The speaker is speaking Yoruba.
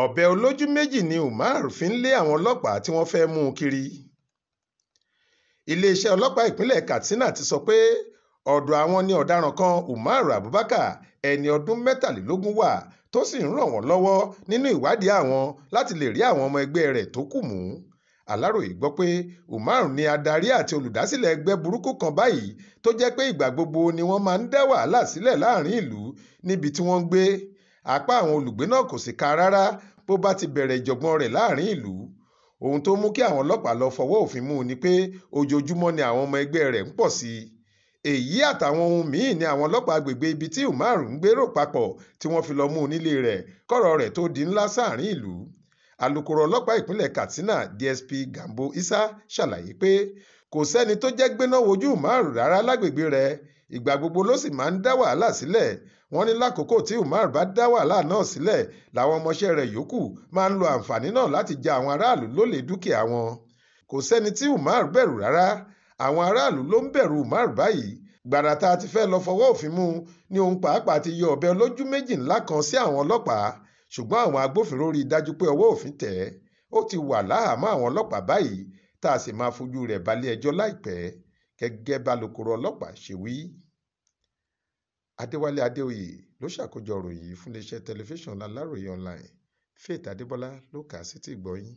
ọ̀bẹ olójú méjì ni umar fi ń lé àwọn ọlọ́pàá tí wọ́n fẹ́ẹ́ mú un kiri iléeṣẹ́ ọlọ́pàá ìpínlẹ̀ katsina ti sọ pé ọ̀dọ̀ àwọn ni ọ̀daràn kan umar abubakar ẹni ọdún mẹ́tàlélógún wà tó sì ń ràn wọ́n lọ́wọ́ nínú ìwádìí àwọn láti lè rí àwọn ọmọ ẹgbẹ́ rẹ̀ tó kù mú aláròye gbọ́ pé umar ni adarí àti olùdásílẹ̀ ẹgbẹ́ burúkú kan báyìí tó jẹ́ pé ìgbà gbogbo ni wọ́n máa ń dá wàhálà sílẹ̀ láàrin ìlú níbi tí wọ́n ń gbé apá àwọn olùgbé náà kò sì ká rárá bó bá ti bẹ̀rẹ̀ ìjọ̀gbọ̀n rẹ̀ láàrin ìlú ohun tó mú kí àwọn ọlọ́pàá lọ fọwọ́ òfin mú ni pé ojoojúmọ́ ni àwọn ọmọ ẹgbẹ́ rẹ̀ ń pọ̀ sí i èyí àtàwọn ohun míín ni àwọn ọlọ́pàá agbègbè ibi tí Umar ń gbèrò papọ̀ tí wọ́n fi lọ mú un nílé rẹ̀ kọ́rọ̀ rẹ̀ tó di ńlá sáàrin ìlú alūkkóró ọlọ́pàá ìpínlẹ̀ Katsina DSP Gambo Isa ṣàlàyé pé kò sẹ́ni tó jẹ́ gbéná wojú Umar rárá lágbègbè rẹ̀ ìgbà gbogbo ló sì máa ń dá wàhálà sílẹ̀ wọ́n ní lákòókò tí umar bá dá wàhálà náà sílẹ̀ làwọn ọmọọṣẹ́ rẹ̀ yòókù máa ń lo àǹfààní náà láti ja àwọn aráàlú lólè dúkìá wọn kò sẹ́ni tí umar bẹ̀rù rárá àwọn aráàlú ló ń bẹ̀rù umar báyìí gbàrà tá a ti fẹ́ lọ fọwọ́ òfin mú ni òun pàápàá ti yọ ọ̀bẹ olójú méjì ńlá kan sí àwọn ọlọ́pàá ṣùgbọ́n àwọn agbófinró rí i dájú pé ọwọ́ òfin tẹ̀ ẹ́ ó ti wà láhàámọ́ àwọn ọlọ́pàá báyìí tá a sì máa fojú rẹ̀ balẹ̀ ẹjọ́ láìpẹ́ gẹ́gẹ́ bálukòrò ọlọ́pàá ṣe wí adéwálé adéoyè ló ṣàkójọ ìròyìn yìí fún iléeṣẹ́ tẹlifíṣàn aláròye online faith adébọlá ló kà á sétígbọ̀ọ́ yín